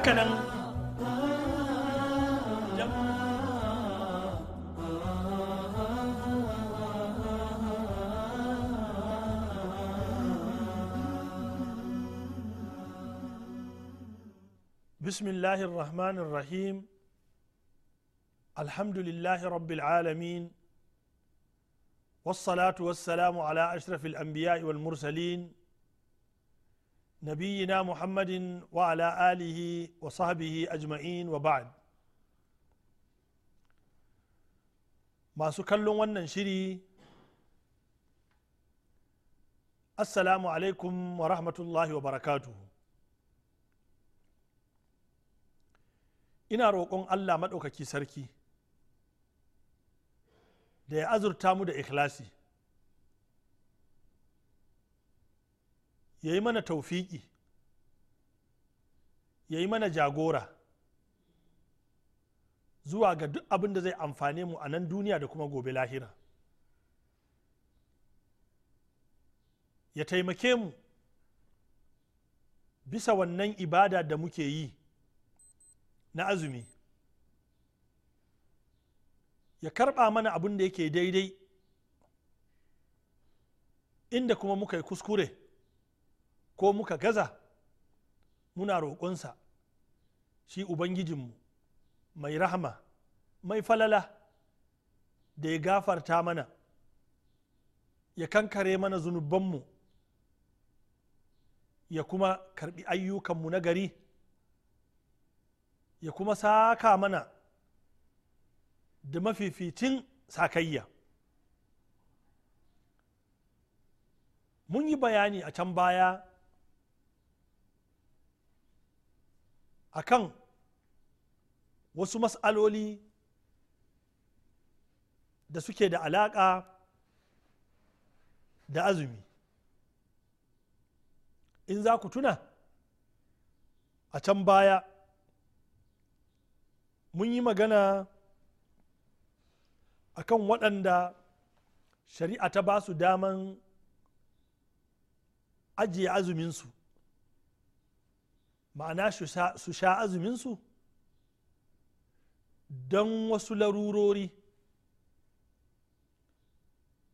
haka nan بسم الله الرحمن الرحيم الحمد لله رب العالمين والصلاة والسلام على أشرف الأنبياء والمرسلين نبينا محمد وعلى آله وصحبه أجمعين وبعد masu kallon wannan shiri assalamu alaikum wa rahmatullahi wa barakatuhu ina roƙon allah maɗaukaki sarki da ya azurta mu da ikhlasi ya yi mana taufiki ya yi mana jagora zuwa ga duk abin da zai amfane mu a nan duniya da kuma gobe lahira ya taimake mu bisa wannan ibada da muke yi na azumi ya karɓa mana abin da yake daidai inda kuma muka yi kuskure ko muka gaza muna roƙonsa shi ubangijinmu mai rahama mai falala da ya gafarta mana ya kankare mana zunubanmu ya kuma karbi ayyukanmu na gari ya kuma saka mana da mafificin sakayya mun yi bayani a can baya akan wasu mas'aloli da suke da alaƙa da azumi in za ku tuna a can baya mun yi magana a kan waɗanda shari'a ta ba su daman ajiye azuminsu ma'ana su sha azuminsu don wasu larurori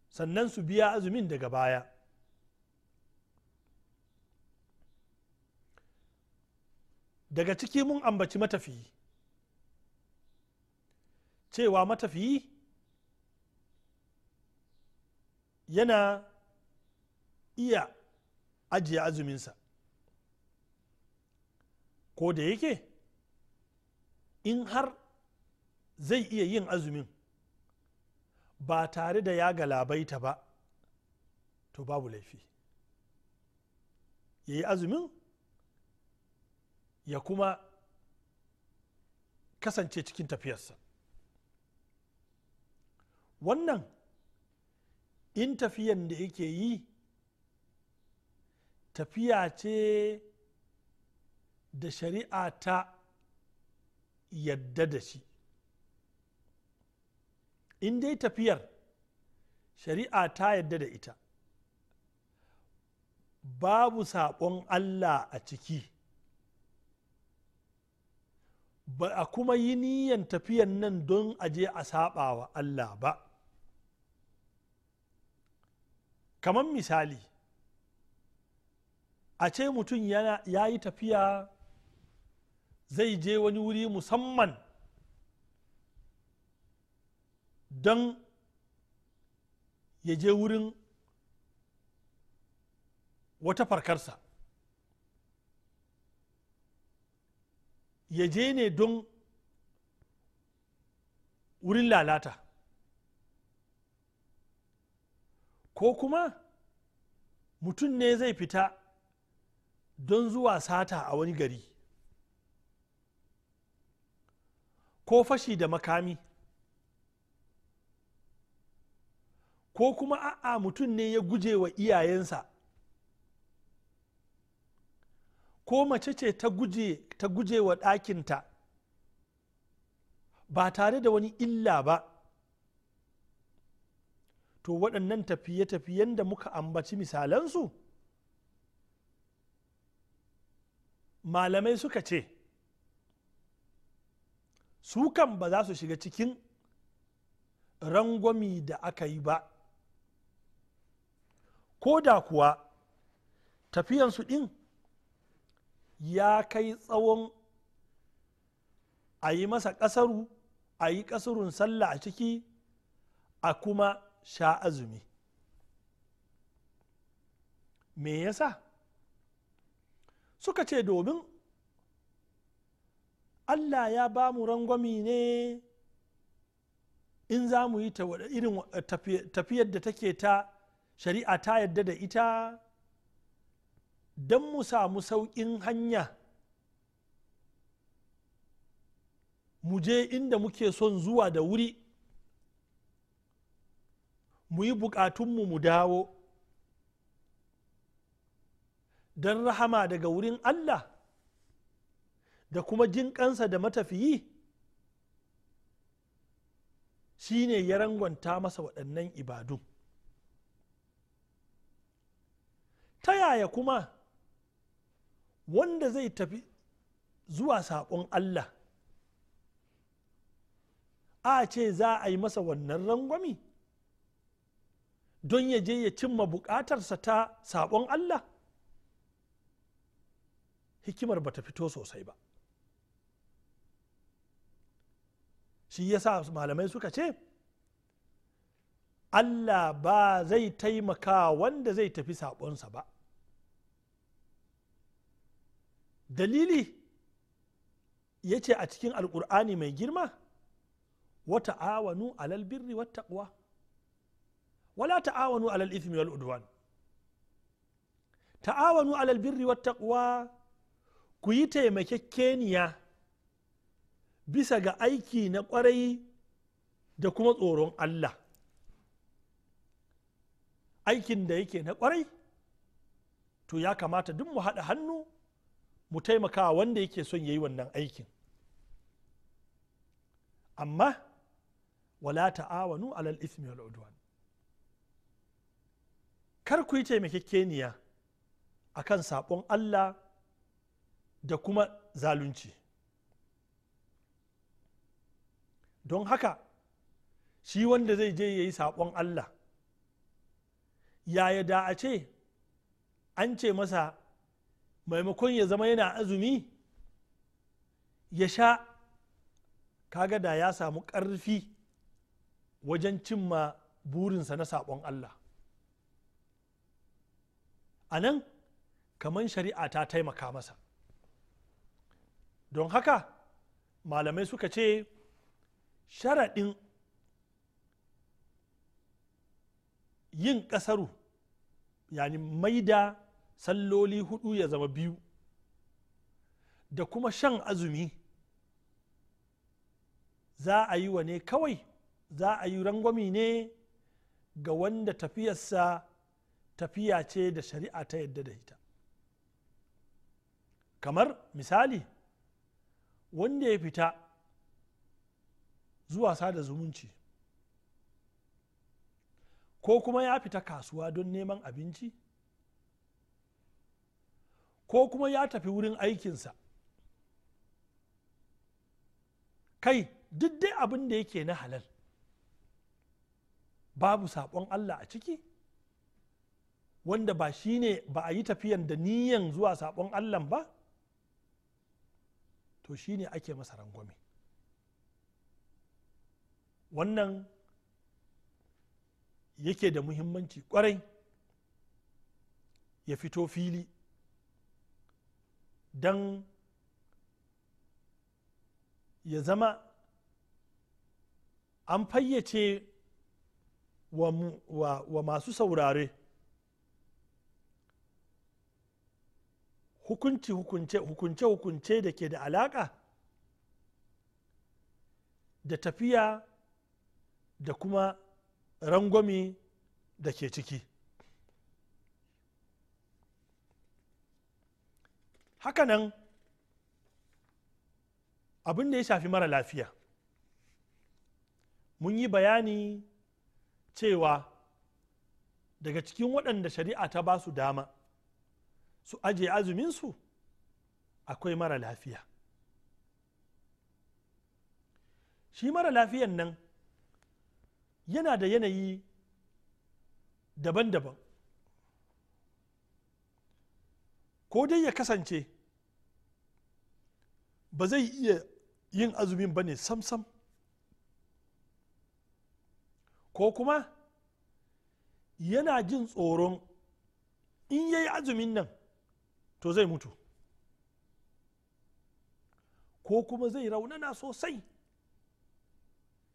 sannan su biya azumin daga baya daga ciki mun ambaci matafiyi cewa matafiyi yana iya ajiye azuminsa ko da yake in har zai iya yin azumin ba tare da ya galabaita ba to babu laifi ya yi azumin ya kuma kasance cikin tafiyarsa wannan in tafiyan da yake yi tafiya ce da shari'a ta yadda da shi in dai tafiyar shari'a ta yadda da ita babu saƙon allah a ciki ba a kuma yi niyan tafiyan nan don a je a saɓa wa allah ba kamar misali a ce mutum ya yi tafiya zai je wani wuri musamman don ya je wurin wata farkarsa ya je ne don wurin lalata ko kuma mutum ne zai fita don zuwa sata a wani gari ko fashi da makami ko kuma a'a mutum ne ya guje wa iyayensa ko mace ce ta guje, ta guje wa ɗakinta ba tare da wani illa ba to waɗannan tafiye-tafiyen da muka ambaci misalansu malamai suka ce su kan ba za su shiga cikin rangwami da aka yi ba ko da kuwa tafiyansu ɗin ya kai tsawon a yi masa ƙasaru a yi ƙasarun sallah a ciki a kuma sha azumi me yasa suka ce domin allah ya ba mu rangwami ne in za mu yi irin tafiyar da take ta shari'a ta yadda da ita don mu samu sauƙin hanya mu je inda muke son zuwa da wuri mu yi bukatunmu mu dawo don rahama daga wurin allah da kuma jin kansa da matafiyi shi ne ya rangwanta masa waɗannan ibadun ta yaya kuma wanda zai tafi zuwa saƙon allah a ce za a yi masa wannan rangwami don ya je ya cimma buƙatarsa ta saƙon allah hikimar ba ta fito sosai ba shi yasa malamai suka ce allah ba zai taimaka wanda zai tafi saɓonsa ba dalili ya ce a cikin Alƙur'ani mai girma wata awanu alal birri ƙuwa wala awanu alal ismi wal udwan ta'awanu alal birri ƙuwa ku yi taimakekeniya bisa ga aiki na kwarai da kuma tsoron Allah aikin da yake na kwarai to ya kamata duk mu haɗa hannu mu taimaka wanda yake son ya yi wannan aikin amma wala ta'awanu alal ismi wal udwan kar ku yi taimakekeniya akan saɓon Allah da kuma zalunci don haka shi wanda zai je ya yi saƙon allah yaya da a ce an ce masa maimakon ya zama yana azumi ya sha kaga da ya samu ƙarfi wajen cimma burinsa na saƙon allah a nan kamar shari'a ta taimaka masa don haka malamai suka ce sharaɗin yin ƙasaru yani maida salloli hudu ya zama biyu da kuma shan azumi za a yi wa ne kawai za a yi rangwami ne ga wanda tafiyarsa tafiya ce da shari'a ta yadda da ita kamar misali wanda ya fita zuwa sada zumunci ko kuma ya fita kasuwa don neman abinci ko kuma ya tafi wurin aikinsa kai duk dai abin da yake na halal babu saƙon allah a ciki wanda ba shi ne ba a yi tafiyan da niyan zuwa saƙon allah ba to shi ne ake masa rangwame wannan yake da muhimmanci kwarai ya fito fili don ya zama an fayyace wa, wa, wa masu saurare hukunci hukunce hukunce hukunce da ke da alaka da tafiya da kuma rangwami da ke ciki hakanan abin da ya shafi mara lafiya mun yi bayani cewa daga cikin waɗanda shari'a ta ba su dama su aje azuminsu akwai mara lafiya shi mara lafiyan nan yana da yanayi daban-daban ko dai ya kasance ba zai iya yin azumin ba ne sam-sam ko kuma yana jin tsoron in ya yi azumin nan to zai mutu ko kuma zai raunana sosai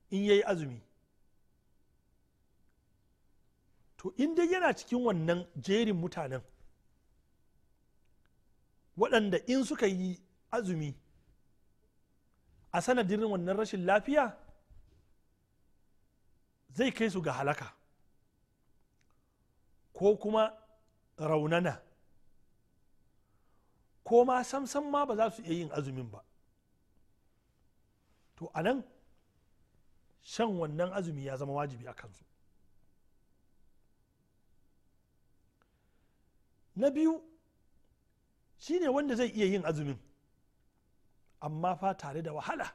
in ya yi azumi to in dai yana cikin wannan jerin mutanen waɗanda in suka yi azumi a sanadin wannan rashin lafiya zai kai su ga halaka ko kuma raunana ko ma samsam ma ba za su iya yin azumin ba to anan shan wannan azumi ya zama wajibi a kansu na biyu shi ne wanda zai iya yin azumin amma fa tare da wahala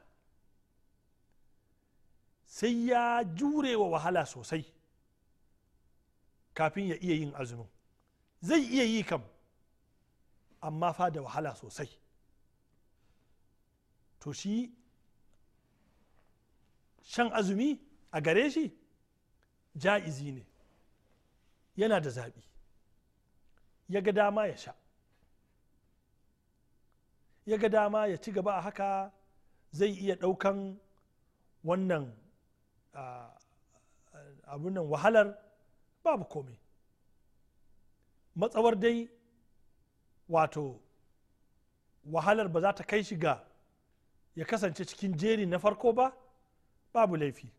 sai ya jure wa wahala sosai kafin ya iya yin azumin zai iya yi kam amma fa da wahala sosai to shi shan azumi a gare shi ja'izi ne yana da zaɓi ya ga dama ya sha ya ga dama ya ci gaba a haka zai iya ɗaukan wannan abunan wahalar babu komai matsawar dai wato wahalar ba za ta kai shi ga ya kasance cikin jeri na farko ba babu laifi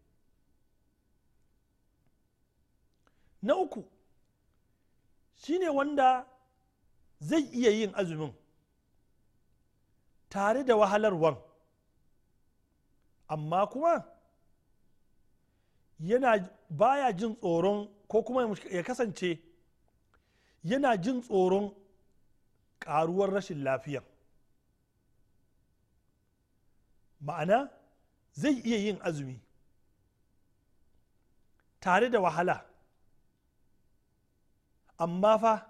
na uku shine wanda zai iya yin azumin tare da wahalarwan amma kuma yana baya jin tsoron ko kuma ya kasance yana jin tsoron karuwar rashin lafiya ma'ana zai iya yin azumi tare da wahala amma fa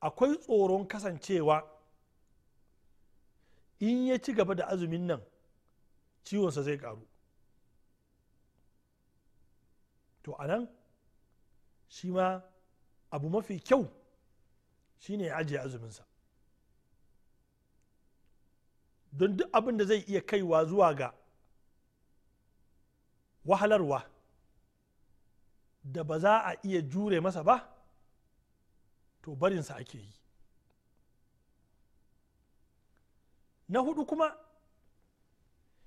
akwai tsoron kasancewa in ya ci gaba da azumin nan ciwonsa zai karu to a nan shi ma abu mafi kyau shi ne ya ajiye azuminsa don duk abin da zai iya kaiwa zuwa ga wahalarwa da ba za a iya jure masa ba to barinsa ake yi na hudu kuma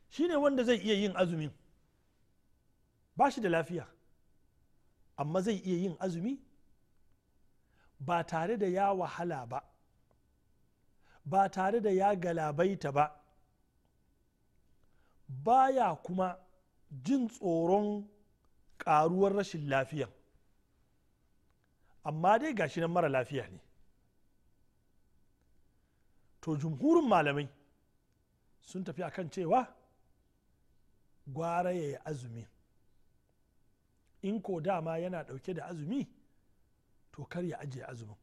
shi ne wanda zai iya yin azumin ba shi da lafiya amma zai iya yin azumi ba tare da ya wahala ba ba tare da ya galabaita ba baya kuma jin tsoron karuwar rashin lafiyan amma dai ga shi nan mara lafiya ne to jumhurin malamai sun tafi a kan cewa gwara ya yi azumi in ko dama yana ɗauke da azumi to kar ya ajiye azumin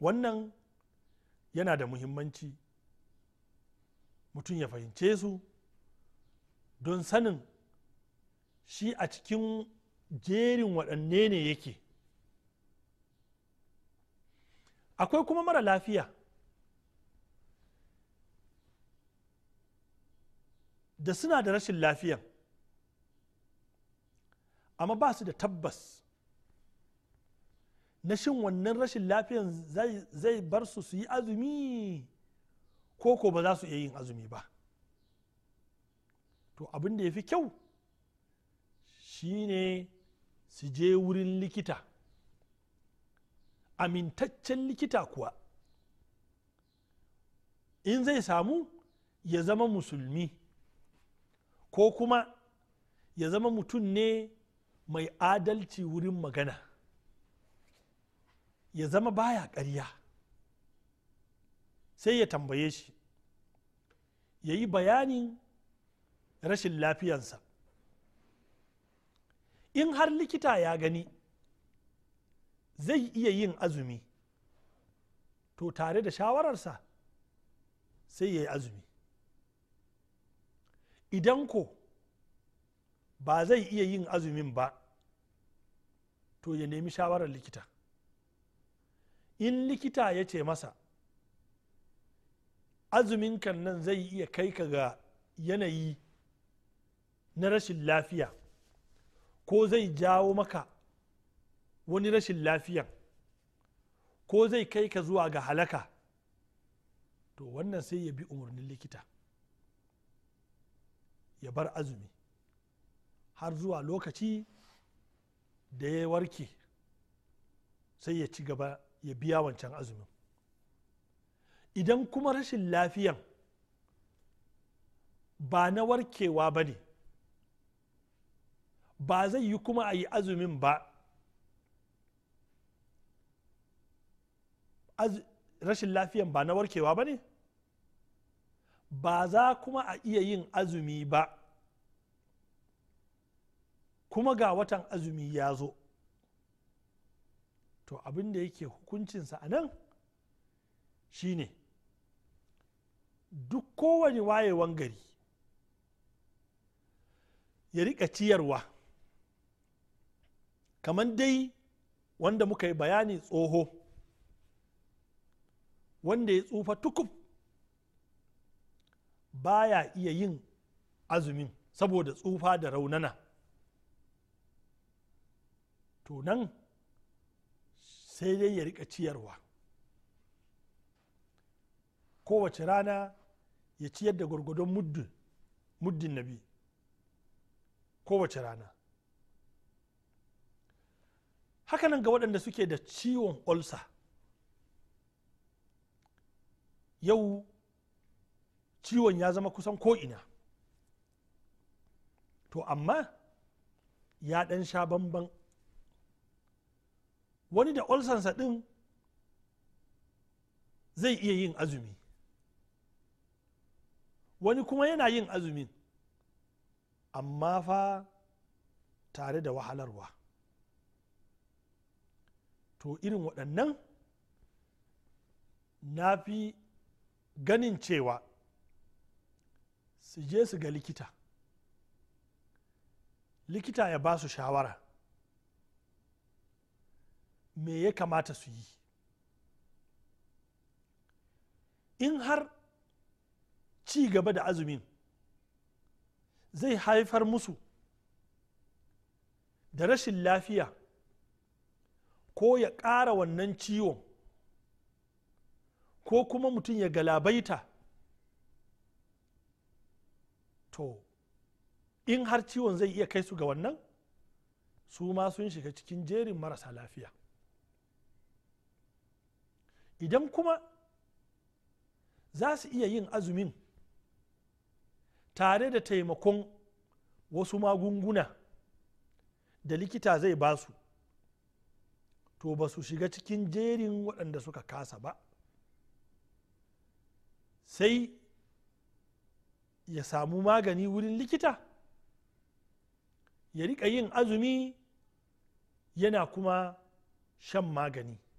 wannan yana da muhimmanci mutum ya fahimce su don sanin shi a cikin jerin waɗanne ne yake akwai kuma mara lafiya da suna da rashin lafiya amma ba su da tabbas na shin wannan rashin lafiyan zai bar su su yi azumi ko ko ba za su iya yin azumi ba to abin da ya fi kyau shine su je wurin likita amintaccen likita kuwa in zai samu ya zama musulmi ko kuma ya zama mutum ne mai adalci wurin magana ya zama baya ƙarya sai ya tambaye shi ya yi bayanin rashin lafiyansa in har likita ya gani zai iya yin azumi to tare da shawararsa sai ya yi azumi idan ko ba zai iya yin azumin ba to ya nemi shawarar likita in likita ya ce masa azumin kan nan zai iya kai ka ga yanayi na rashin lafiya ko zai jawo maka wani rashin lafiya ko zai kai ka zuwa ga halaka to wannan sai ya bi umarnin likita ya bar azumi har zuwa lokaci da ya warke sai ya ci gaba ya biya wancan azumin idan kuma rashin lafiyan ba na warkewa ba ne ba zai yi kuma a yi azumin ba rashin lafiyan ba na warkewa ba ne ba za kuma a iya yin azumi ba kuma ga watan azumi ya zo to abinda da yake hukuncinsa a nan ne. duk kowane wayewan gari ya riƙa ciyarwa kamar dai wanda muka yi bayani tsoho wanda ya tsufa tukub baya iya yin azumin saboda tsufa da raunana to nan sai dai ya rika ciyarwa kowace rana ya ciyar da gwargwadon muddin nabi kowace rana hakanan ga waɗanda suke da ciwon olsa yau ciwon ya zama kusan ko'ina to amma ya ɗan sha bamban wani da sa ɗin zai iya yin azumi wani kuma yana yin azumin amma fa tare da wahalarwa to irin waɗannan na fi ganin cewa su je su ga likita likita ya ba su shawara me ya kamata su yi in har ci gaba da azumin zai haifar musu da rashin lafiya ko ya ƙara wannan ciwon ko kuma mutum ya galabaita to in har ciwon zai iya kai su ga wannan su ma sun shiga cikin jerin marasa lafiya idan kuma za su iya yin azumin tare da taimakon wasu magunguna da likita zai basu. to ba su shiga cikin jerin waɗanda suka kasa ba sai ya samu magani wurin likita ya riƙa yin azumi yana kuma shan magani